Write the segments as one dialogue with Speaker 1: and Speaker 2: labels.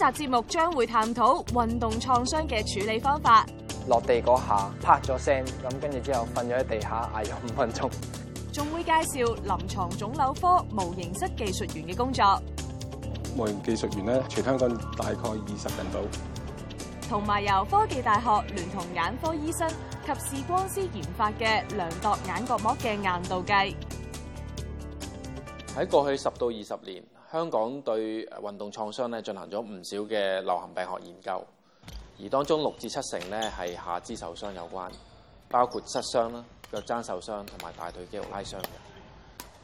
Speaker 1: 集節目將會探討運動創傷嘅處理方法。
Speaker 2: 落地嗰下，啪咗聲，咁跟住之後瞓咗喺地下，嗌咗五分鐘。
Speaker 1: 仲會介紹臨床腫瘤科模型室技術員嘅工作。
Speaker 3: 模型技術員咧，全香港大概二十人度。
Speaker 1: 同埋由科技大學聯同眼科醫生及視光師研發嘅量度眼角膜嘅硬度計。
Speaker 4: 喺過去十到二十年。香港對運動創傷咧進行咗唔少嘅流行病學研究，而當中六至七成咧係下肢受傷有關，包括膝傷啦、腳踭受傷同埋大腿肌肉拉傷嘅。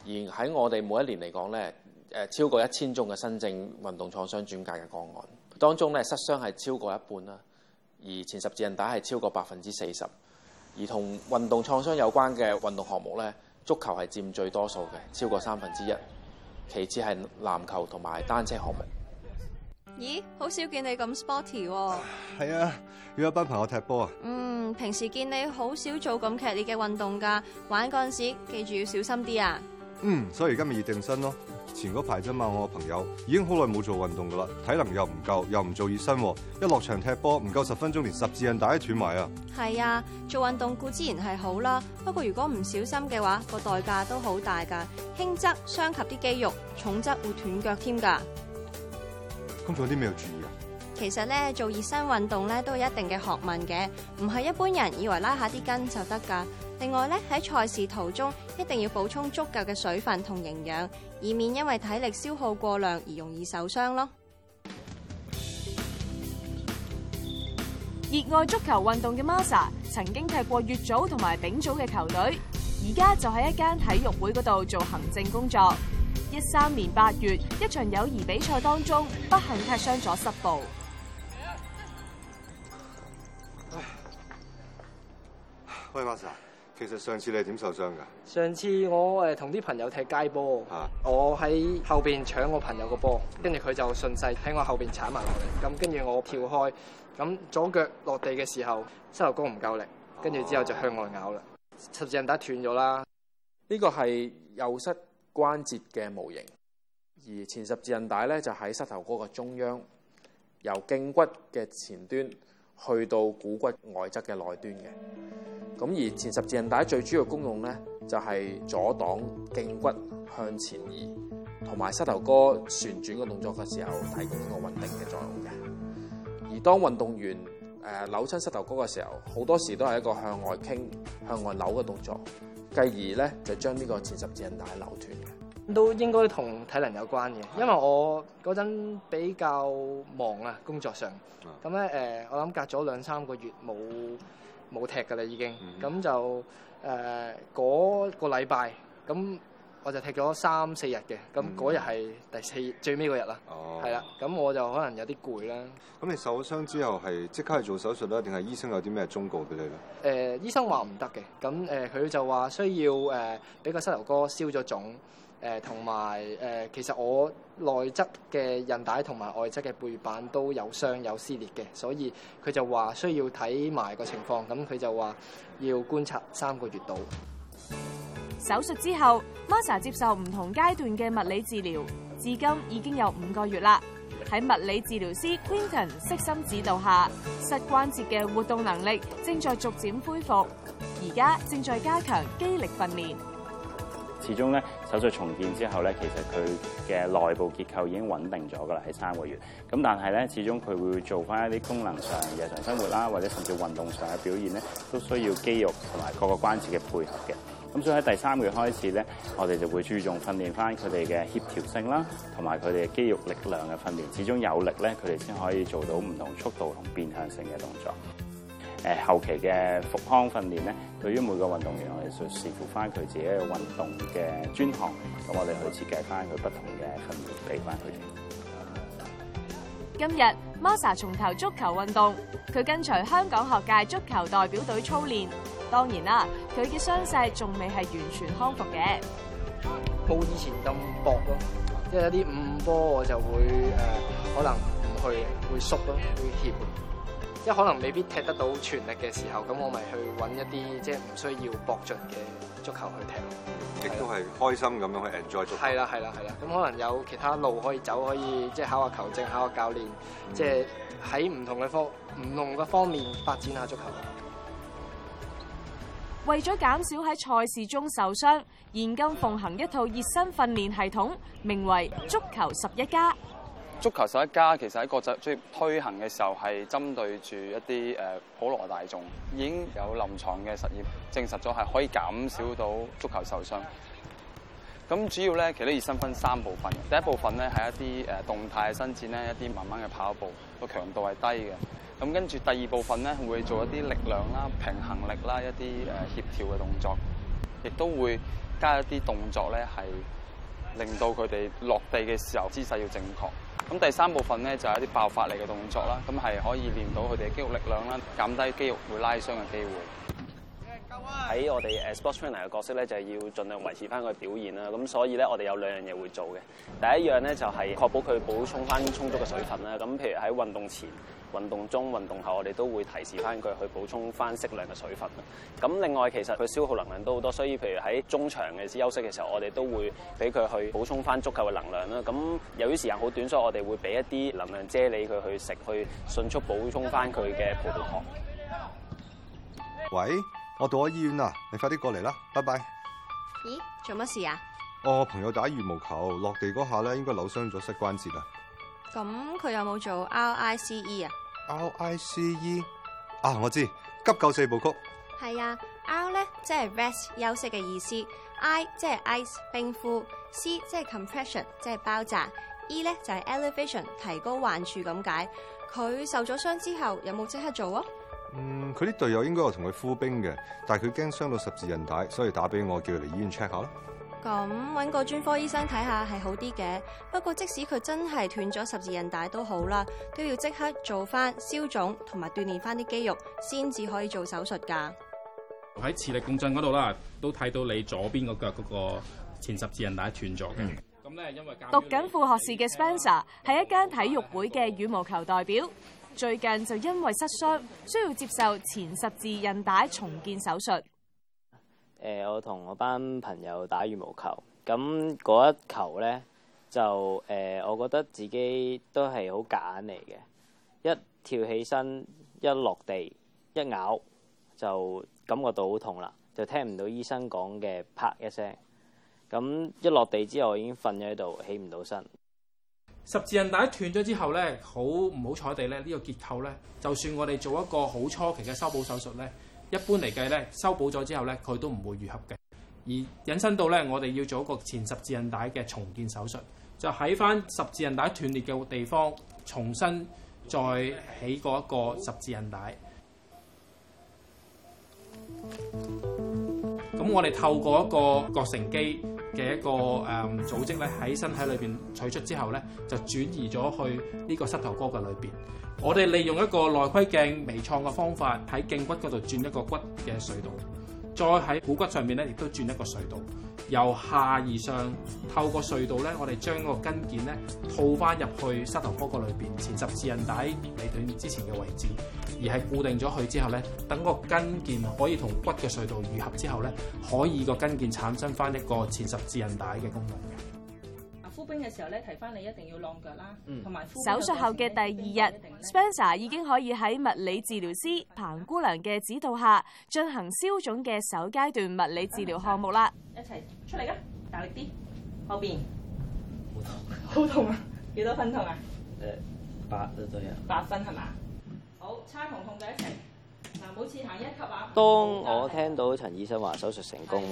Speaker 4: 而喺我哋每一年嚟講咧，誒超過一千宗嘅新症運動創傷轉介嘅個案，當中咧膝傷係超過一半啦，而前十字韌帶係超過百分之四十，而同運動創傷有關嘅運動項目咧，足球係佔最多數嘅，超過三分之一。其次係籃球同埋單車項目。
Speaker 5: 咦，好少見你咁 sporty 喎。
Speaker 4: 係啊，要約班朋友踢波
Speaker 5: 啊。嗯，平時見你好少做咁劇烈嘅運動噶，玩嗰陣時記住要小心啲啊。
Speaker 6: 嗯，所以而家咪熱定身咯。前嗰排啫嘛，我個朋友已經好耐冇做運動噶啦，體能又唔夠，又唔做熱身，一落場踢波唔夠十分鐘，連十字韌帶都斷埋啊！
Speaker 5: 係啊，做運動固然係好啦，不過如果唔小心嘅話，個代價都好大噶。輕則傷及啲肌肉，重則會斷腳添噶。咁
Speaker 6: 仲有啲咩要注意啊？
Speaker 5: 其實咧，做熱身運動咧都有一定嘅學問嘅，唔係一般人以為拉下啲筋就得噶。另外咧，喺賽事途中一定要補充足夠嘅水分同營養，以免因為體力消耗過量而容易受傷咯。
Speaker 1: 熱愛足球運動嘅 Masa 曾經踢過乙組同埋丙組嘅球隊，而家就喺一間體育會嗰度做行政工作。一三年八月，一場友誼比賽當中，不幸踢傷咗膝部。
Speaker 2: 喂，Masa。其
Speaker 6: 實上次你係點受傷㗎？
Speaker 2: 上次我誒同啲朋友踢街波，啊、我喺後邊搶我朋友個波，跟住佢就順勢喺我後邊踩埋落嚟。咁跟住我跳開，咁左腳落地嘅時候，膝頭哥唔夠力，
Speaker 4: 跟住之後就向外咬啦，啊、十字韌帶斷咗啦。呢個係右膝關節嘅模型，而前十字韌帶咧就喺膝頭哥嘅中央，由脛骨嘅前端，去到股骨外側嘅內端嘅，咁而前十字韌帶最主要的功用咧，就係阻擋脛骨向前移，同埋膝頭哥旋轉嘅動作嘅時候，提供一個穩定嘅作用嘅。而當運動員誒扭親膝頭哥嘅時候，好多時都係一個向外傾、向外扭嘅動作，繼而咧就將呢個前十字韌帶扭斷嘅。
Speaker 2: 都應該同
Speaker 4: 體能有關
Speaker 2: 嘅，因為我嗰陣比較忙啊，工作上咁咧誒，我諗隔咗兩三個月冇冇踢嘅啦，已經咁、嗯、哼就誒嗰、呃嗰個禮拜咁，我就踢咗三四日嘅咁嗰日係第四、嗯、哼最尾嗰日啦，係啦、哦，咁我就可能有啲攰啦。
Speaker 6: 咁你受咗傷之後係即刻去做手術咧，定係醫生有啲咩忠告俾你咧？
Speaker 2: 誒、呃，醫生話唔得嘅，咁誒佢就話需要誒俾個膝頭哥消咗腫。誒同埋誒，其實我內側嘅韌帶同埋外側嘅背板都有傷，有撕裂嘅，所以佢就話需要睇埋個情況，咁佢就話要觀察三個月度。
Speaker 1: 手術之後，Masa 接受唔同階段嘅物理治療，至今已經有五個月啦。喺物理治療師 Quinton 悉心指導下，膝關節嘅活動能力正在逐漸恢復，而家正在加強肌力訓練。
Speaker 7: 始終咧手術重建之後咧，其實佢嘅內部結構已經穩定咗㗎喇，係三個月。咁但係咧，始終佢會做翻一啲功能上日常生活啦，或者甚至運動上嘅表現咧，都需要肌肉同埋各個關節嘅配合嘅。咁所以喺第三個月開始咧，我哋就會注重訓練翻佢哋嘅協調性啦，同埋佢哋嘅肌肉力量嘅訓練。始終有力咧，佢哋先可以做到唔同速度同變向性嘅動作。誒後期嘅復康訓練咧，對於每個運動員，我哋就視乎翻佢自己嘅運動嘅專項，咁我哋去設計翻佢不同嘅訓練俾翻佢哋。
Speaker 1: 今日 Masah 從頭足球運動，佢跟隨香港學界足球代表隊操練。當然啦，佢嘅傷勢仲未係完全康復嘅，
Speaker 2: 冇以前咁搏咯，即係有啲五五波我就會誒、呃，可能唔去會縮咯，會貼。會因可能未必踢得到全力嘅時候，咁我咪去揾一啲即係唔需要搏盡嘅足球去踢，亦都係
Speaker 6: 開心咁樣去 enjoy。係啦係啦係啦，
Speaker 2: 咁可能有其他路可以走，可以即係、就是、考下球證考下教練，即係喺唔同嘅方唔同嘅方面發展下足球。
Speaker 1: 為咗減少喺賽事中受傷，現今奉行一套熱身訓練系統，名為足球十一加。
Speaker 4: 足球十一加其實喺國際即推行嘅時候，係針對住一啲誒、呃、普羅大眾，已經有臨床嘅實驗，證實咗係可以減少到足球受傷。咁主要咧，其實啲熱身分三部分。第一部分咧係一啲誒、呃、動態嘅伸展咧，一啲慢慢嘅跑步，個強度係低嘅。咁跟住第二部分咧會做一啲力量啦、平衡力啦、一啲誒協調嘅動作，亦都會加一啲動作咧，係令到佢哋落地嘅時候姿勢要正確。咁第三部分咧就係一啲爆
Speaker 7: 發力嘅動作啦，咁係可以練到佢哋嘅肌肉力量啦，減低肌肉會拉傷嘅機會。喺你我哋 sports trainer 嘅角色咧，就係要盡量維持翻佢嘅表現啦。咁所以咧，我哋有兩樣嘢會做嘅。第一樣咧就係確保佢補充翻充足嘅水分啦。咁譬如喺運動前。運動中、運動後，我哋都會提示翻佢去補充翻適量嘅水分。咁另外，其實佢消耗能量都好多，所以譬如喺中場嘅休息嘅時候，我哋都會俾佢去補充翻足夠嘅能量啦。咁由於時間好短，所以我哋會俾一啲能量啫喱佢去食，去迅速補充翻佢嘅葡萄糖。
Speaker 6: 喂，我到咗醫院啦，你快啲過嚟啦，拜拜。
Speaker 5: 咦？做乜事啊？
Speaker 6: 我朋友打羽毛球落地嗰下咧，應該扭傷咗膝關節啦。
Speaker 5: 咁佢有冇做 R I C E
Speaker 6: 啊？R I C E 啊，我知急救四部曲。
Speaker 5: 係啊，R 咧即係 rest 休息嘅意思，I 即係 ice 冰敷，C 即係 compression 即係包紮，E 咧就係 elevation 提高患處咁解。佢受咗傷之後有冇即刻做啊？嗯，
Speaker 6: 佢啲隊友應該有同佢敷冰嘅，但係佢驚傷到十字韌帶，所以打俾我叫佢嚟醫院 check 下囉。
Speaker 5: 咁揾個專科醫生睇下係好啲嘅。不過即使佢真係斷咗十字韌帶都好啦，都要即刻做翻消腫同埋鍛煉翻啲肌肉，先至可以做手術噶。
Speaker 4: 喺磁力共振嗰度啦，都睇到你左邊個腳嗰個前十字韌帶斷咗嘅。咁咧，
Speaker 1: 因為讀緊副學士嘅 Spencer 係一間體育會嘅羽毛球代表，最近就因為膝傷需要接受前十字韌帶重建手術。
Speaker 7: 誒、呃，我同我班朋友打羽毛球，咁嗰一球呢，就誒、呃，我覺得自己都係好夾硬嚟嘅。一跳起身，一落地，一咬就感覺到好痛啦，就聽唔到醫生講嘅啪一聲。咁一落地之後，我已經瞓咗喺度，起唔到身。
Speaker 4: 十字韌帶斷咗之後呢，好唔好彩地呢？呢、這個結構呢，就算我哋做一個好初期嘅修補手術呢。一般嚟計咧，修補咗之後咧，佢都唔會癒合嘅。而引申到咧，我哋要做一個前十字韌帶嘅重建手術，就喺翻十字韌帶斷裂嘅地方重新再起過一個十字韌帶。咁我哋透過一個腘繩肌嘅一個誒、嗯、組織咧，喺身體裏邊取出之後咧，就轉移咗去呢個膝頭哥嘅裏邊。我哋利用一個內窺鏡微創嘅方法，喺脛骨嗰度轉一個骨嘅隧道，再喺股骨上面咧，亦都轉一個隧道，由下而上透過隧道咧，我哋將個跟腱咧，套翻入去膝頭哥個裏邊前十字韌帶未斷之前嘅位置，而係固定咗佢之後咧，等個跟腱可以同骨嘅隧道愈合之後咧，可以個跟腱產生翻一個前十字韌帶嘅功
Speaker 1: 能。嘅時候提翻你一定要晾腳啦，同埋手術後嘅第二日，Spencer 已經可以喺物理治療師彭姑娘嘅指導下進行消腫嘅首階段物理治療項目啦。一
Speaker 5: 齊出嚟啦，大力啲，後邊好痛，好痛啊！幾多分痛啊？誒、呃，八都
Speaker 4: 左右。八分係嘛？分吧好，差同痛就一齊。嗱、嗯，每次行一級啊。當
Speaker 7: 我聽到陳醫生話手術成功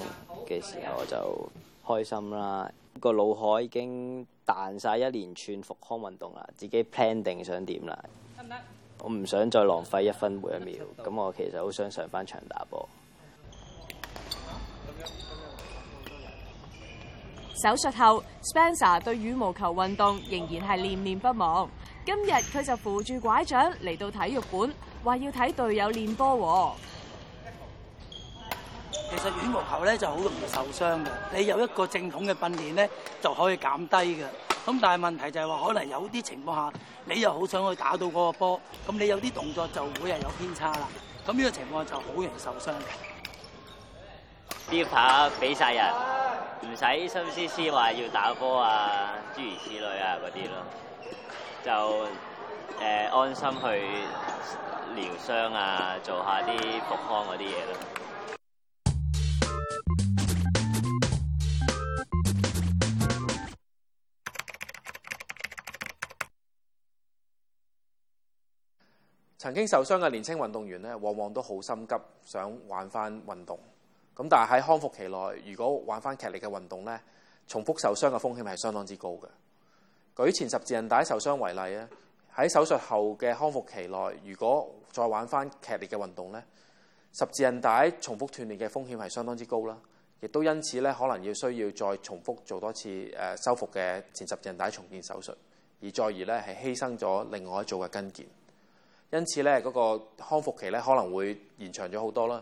Speaker 7: 嘅時候，啊、我就開心啦。個腦海已經彈晒一連串復康運動啦，自己 plan 定想點啦。我唔想再浪費一分每一秒，咁我其實好想上翻場打波。
Speaker 1: 手術後，Spencer 對羽毛球運動仍然係念念不忘。今日佢就扶住拐杖嚟到體育館，話要睇隊友練波。
Speaker 7: 其實羽毛球咧就好容易受傷嘅，你有一個正統嘅訓練咧就可以減低嘅。咁但係問題就係話，可能有啲情況下你又好想去打到嗰個波，咁你有啲動作就會係有偏差啦。咁呢個情況就好容易受傷嘅。啲牌俾曬人，唔使心思思話要打波啊，諸如此類啊嗰啲咯，就誒安心去療傷啊，做下啲復康嗰啲嘢咯。
Speaker 4: 曾經受傷嘅年輕運動員咧，往往都好心急，想玩翻運動。咁但係喺康復期內，如果玩翻劇烈嘅運動咧，重複受傷嘅風險係相當之高嘅。舉前十字韌帶受傷為例啊，喺手術後嘅康復期內，如果再玩翻劇烈嘅運動咧，十字韌帶重複斷裂嘅風險係相當之高啦。亦都因此咧，可能要需要再重複做多次誒修復嘅前十字韌帶重建手術，而再而咧係犧牲咗另外一組嘅筋腱。因此咧，嗰、那個康復期咧可能會延長咗好多啦，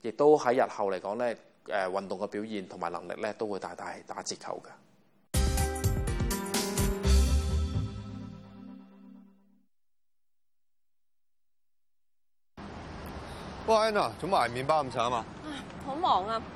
Speaker 4: 亦都喺日後嚟講咧，誒運動嘅表現同埋能力咧都會大大打折扣噶。
Speaker 6: 喂，Anna，做埋麵包咁慘啊！好
Speaker 5: 忙啊～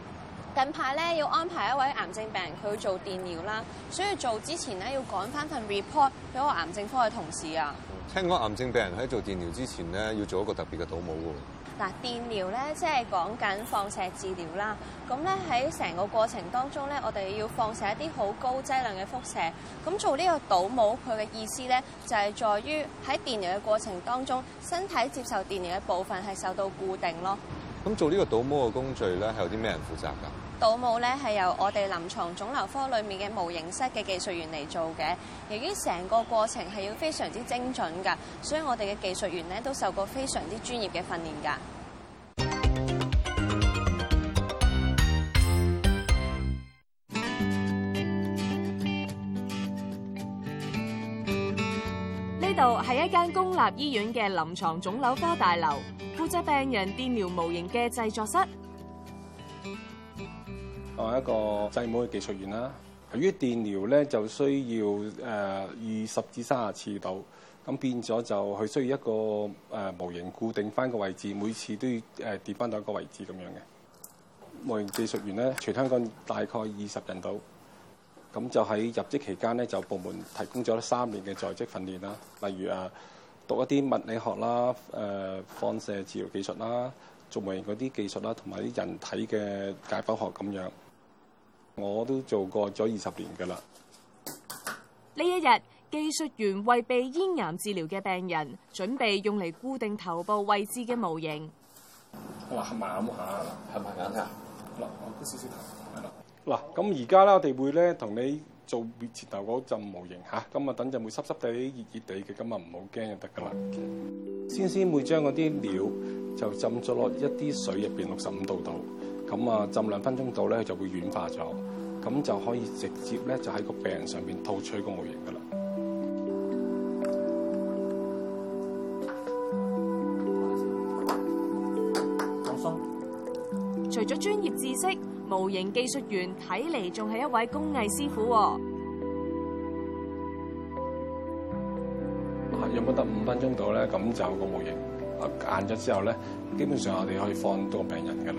Speaker 5: 近排咧要安排一位癌症病人去做電療啦，所以做之前咧要趕翻份 report 俾我癌症科嘅同事啊。聽
Speaker 6: 講癌症病人喺做電療之前咧要做一個特別嘅倒模喎。
Speaker 5: 嗱，電療咧即係講緊放射治療啦。咁咧喺成個過程當中咧，我哋要放射一啲好高劑量嘅輻射。咁做呢個倒模，佢嘅意思咧就係、是、在於喺電療嘅過程當中，身體接受電療嘅部分係受到固定咯。
Speaker 6: 咁做呢個倒模嘅工序咧係有啲咩人負責㗎？
Speaker 5: 倒模咧係由我哋臨床腫瘤科裏面嘅模型室嘅技術員嚟做嘅。由於成個過程係要非常之精準嘅，所以我哋嘅技術員咧都受過非常之專業嘅訓練㗎。
Speaker 1: 呢度係一間公立醫院嘅臨床腫瘤科大樓，負責病人電療模型嘅製作室。
Speaker 3: 我一個製模嘅技術員啦，由於電療咧就需要誒二十至三十次度，咁變咗就佢需要一個誒模型固定翻個位置，每次都要誒跌翻到一個位置咁樣嘅。模型技術員咧，全香港大概二十人度，咁就喺入職期間咧就部門提供咗三年嘅在職訓練啦，例如誒讀一啲物理學啦、誒放射治療技術啦。作為嗰啲技術啦，同埋啲人體嘅解剖學咁樣，我都做過咗二十年噶啦。
Speaker 1: 呢一日，技術員為鼻咽癌治療嘅病人準備用嚟固定頭部位置嘅模型。哇，合埋眼㗎？合埋眼睇下。嗱，按
Speaker 3: 低少少頭。嗱，咁而家咧，我哋會咧同你。做前頭嗰浸模型嚇，咁啊等陣會濕濕地、熱熱地嘅，咁啊唔好驚就得噶啦。先先會將嗰啲料就浸咗落一啲水入邊，六十五度度，咁啊浸兩分鐘度咧就會軟化咗，咁就可以直接咧就喺個病人上邊套取個模型噶啦。
Speaker 7: 放心，
Speaker 1: 除咗專業知識。模型技術員睇嚟仲係一位工藝師傅。
Speaker 3: 有冇得五分鐘度咧？咁就有個模型，硬咗之後咧，基本上我哋可以放到個病人噶啦。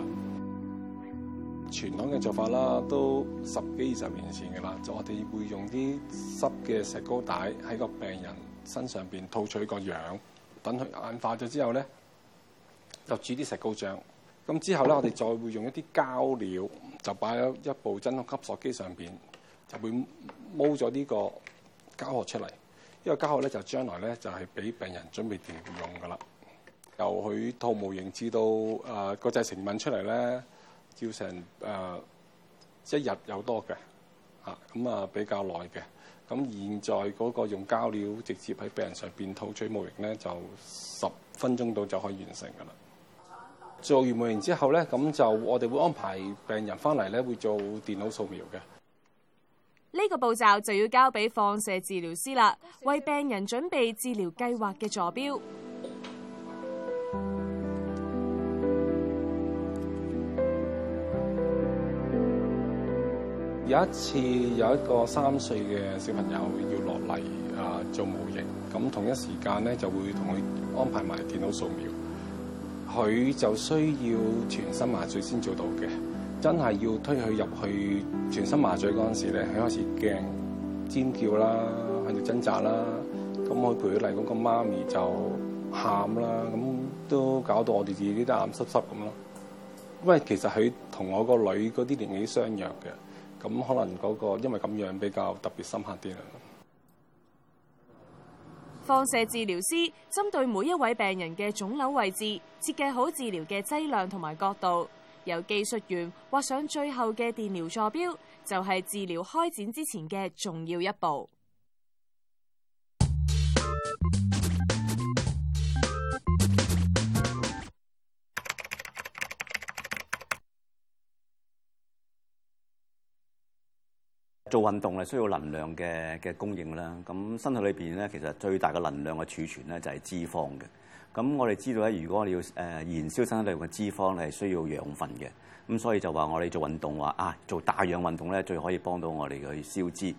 Speaker 3: 傳統嘅做法啦，都十幾二十年前噶啦，就我哋會用啲濕嘅石膏帶喺個病人身上邊套取個樣，等佢硬化咗之後咧，就煮啲石膏像。咁之後咧，我哋再會用一啲膠料，就擺喺一部真空吸塑機上面，就會剝咗呢個膠殼出嚟。呢個膠殼咧就將來咧就係俾病人準備調用噶啦。由佢套模型至到誒、啊、個製成品出嚟咧，要成即、啊、一日有多嘅，咁啊比較耐嘅。咁、啊、現在嗰個用膠料直接喺病人上面套取模型咧，就十分鐘到就可以完成噶啦。做完模型之後咧，咁就我哋會安排病人翻嚟咧，會做電腦掃描嘅。
Speaker 1: 呢個步驟就要交俾放射治療師啦，為病人準備治療計劃嘅座標。
Speaker 3: 有一次有一個三歲嘅小朋友要落嚟啊做模型，咁同一時間咧就會同佢安排埋電腦掃描。佢就需要全身麻醉先做到嘅，真係要推佢入去全身麻醉嗰陣時咧，佢開始驚尖叫啦，喺度掙扎啦。咁佢陪佢嚟嗰個媽咪就喊啦，咁都搞到我哋自己都眼濕濕咁咯。因為其實佢同我個女嗰啲年紀相若嘅，咁可能嗰個因為咁樣比較特別深刻啲啦。
Speaker 1: 放射治療師針對每一位病人嘅腫瘤位置設計好治療嘅劑量同埋角度，由技術員劃上最後嘅電療坐標，就係、是、治療開展之前嘅重要一步。
Speaker 7: 做運動係需要能量嘅嘅供應啦。咁身體裏邊咧，其實最大嘅能量嘅儲存咧就係脂肪嘅。咁我哋知道咧，如果你要誒燃燒身體裏面嘅脂肪，你係需要養分嘅。咁所以就話我哋做運動話啊，做帶氧運動咧，最可以幫到我哋去消脂。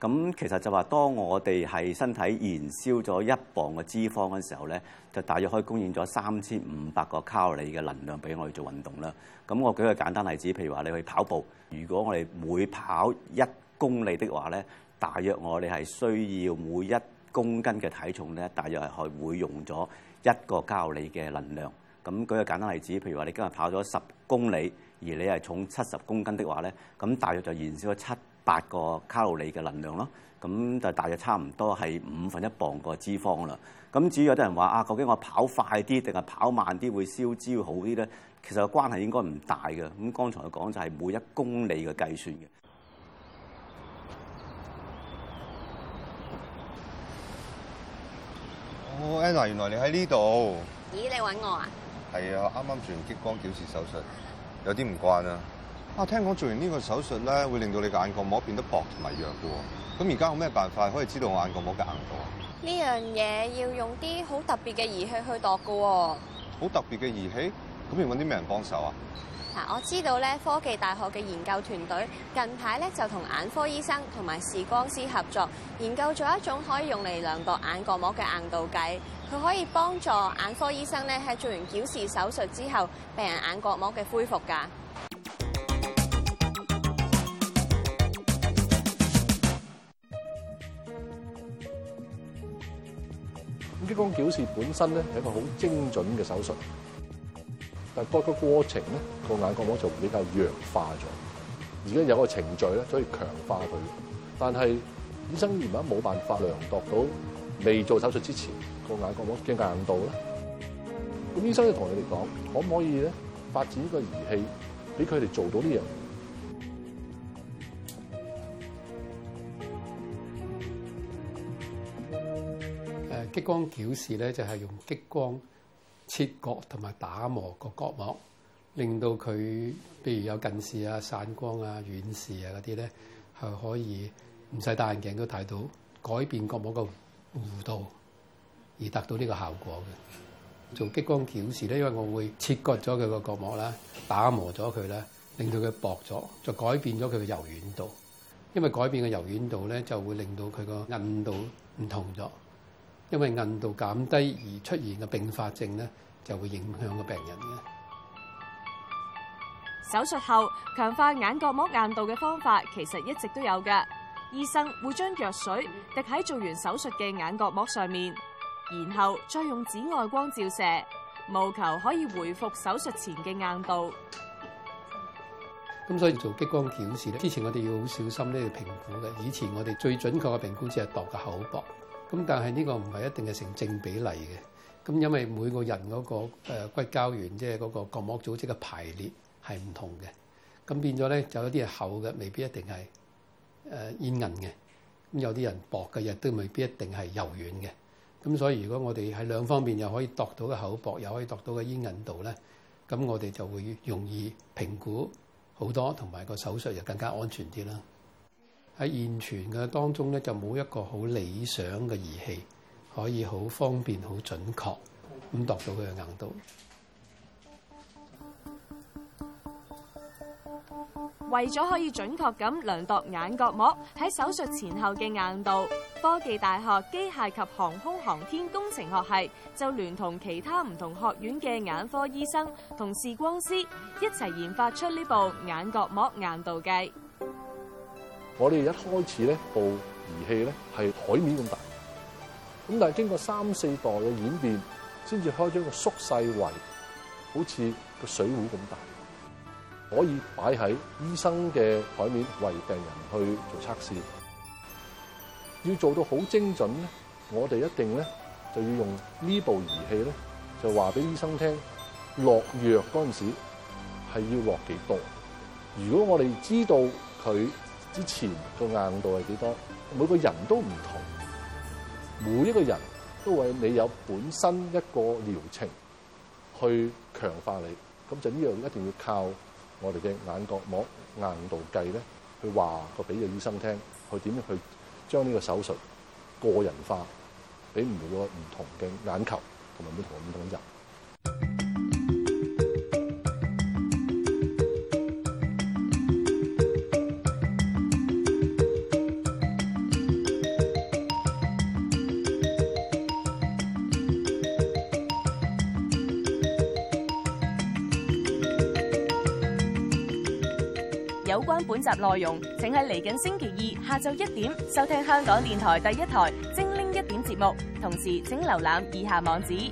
Speaker 7: 咁其實就話當我哋係身體燃燒咗一磅嘅脂肪嗰陣時候咧，就大約可以供應咗三千五百個卡路里嘅能量俾我哋做運動啦。咁我舉個簡單例子，譬如話你去跑步，如果我哋每跑一公里的話咧，大約我哋係需要每一公斤嘅體重咧，大約係去會用咗一個卡路里嘅能量。咁舉個簡單例子，譬如話你今日跑咗十公里，而你係重七十公斤的話咧，咁大約就燃燒咗七八個卡路里嘅能量咯。咁就大約差唔多係五分一磅個脂肪啦。咁至於有啲人話啊，究竟我跑快啲定係跑慢啲會燒脂會好啲咧？其實個關係應該唔大嘅。咁剛才我講就係每一公里嘅計算嘅。
Speaker 6: Oh, Anna，原來你喺呢度。
Speaker 5: 咦，你揾我啊？
Speaker 6: 係啊，啱啱做完激光矯視手術，有啲唔慣啊。啊，聽講做完呢個手術咧，會令到你嘅眼角膜變得薄同埋弱㗎喎。咁而家有咩辦法可以知道我眼角膜嘅硬度啊？
Speaker 5: 呢樣嘢要用啲好特別嘅儀器去度㗎喎。
Speaker 6: 好特別嘅儀器？咁你揾啲咩人幫手啊？
Speaker 5: 嗱，我知道咧，科技大學嘅研究團隊近排咧就同眼科醫生同埋視光師合作，研究咗一種可以用嚟量度眼角膜嘅硬度計，佢可以幫助眼科醫生咧喺做完矯視手術之後，病人眼角膜嘅恢復㗎。咁
Speaker 2: 激光
Speaker 8: 矯視本身咧係一個好精準嘅手術。個個過程咧，個眼角膜就比較弱化咗。而家有個程序咧，所以強化佢。但係醫生原本冇辦法量度到未做手術之前個眼角膜嘅硬度咧。咁醫生就同你哋講：可唔可以咧發展個儀
Speaker 9: 器俾佢哋做到呢樣？誒激光矯視咧就係用激光。切割同埋打磨個角膜，令到佢，譬如有近視啊、散光啊、遠視啊嗰啲咧，係可以唔使戴眼鏡都睇到。改變角膜嘅弧度，而達到呢個效果嘅。做激光矯視咧，因為我會切割咗佢個角膜啦，打磨咗佢啦，令到佢薄咗，就改變咗佢嘅柔軟度。因為改變嘅柔軟度咧，就會令到佢個韌度唔同咗。因為硬度減低而出現嘅併發症咧，就會影響個病人嘅。
Speaker 1: 手術後強化眼角膜硬度嘅方法其實一直都有嘅，醫生會將藥水滴喺做完手術嘅眼角膜上面，然後再用紫外光照射，務求可以回復手術前嘅硬度。
Speaker 9: 咁所以做激光矯視咧，之前我哋要好小心呢要評估嘅。以前我哋最準確嘅評估只係度個厚薄。咁但係呢個唔係一定係成正比例嘅，咁因為每個人嗰個誒骨膠原即係嗰個角膜組織嘅排列係唔同嘅，咁變咗咧就有啲係厚嘅，未必一定係呃、煙韌嘅；咁有啲人薄嘅，亦都未必一定係柔軟嘅。咁所以如果我哋喺兩方面又可以度到嘅厚薄，又可以度到嘅煙韌度咧，咁我哋就會容易評估好多，同埋個手術又更加安全啲啦。喺現存嘅當中咧，就冇一個好理想嘅儀器可以好方便、好準確咁度到佢嘅硬度。
Speaker 1: 為咗可以準確咁量度眼角膜喺手術前後嘅硬度，科技大學機械及航空航天工程學系就聯同其他唔同學院嘅眼科醫生同視光師一齊研發出呢部眼角膜硬度計。
Speaker 8: 我哋一開始咧，部儀器咧係台面咁大。咁但係經過三四代嘅演變，先至開張個縮細為好似個水壺咁大，可以擺喺醫生嘅台面，為病人去做測試。要做到好精準咧，我哋一定咧就要用這部儀呢部儀器咧，就話俾醫生聽落藥嗰陣時係要落幾多。如果我哋知道佢。之前個硬度係幾多？每個人都唔同，每一個人都為你有本身一個療程去強化你，咁就呢樣一定要靠我哋嘅眼角膜硬度計咧，去話個俾個醫生聽，去點樣去將呢個手術個人化，俾唔同嘅唔同嘅眼球同埋唔同嘅唔同人。
Speaker 1: 本集內容，請喺嚟緊星期二下晝一點收聽香港電台第一台《精靈一點》節目，同時請瀏覽以下網址。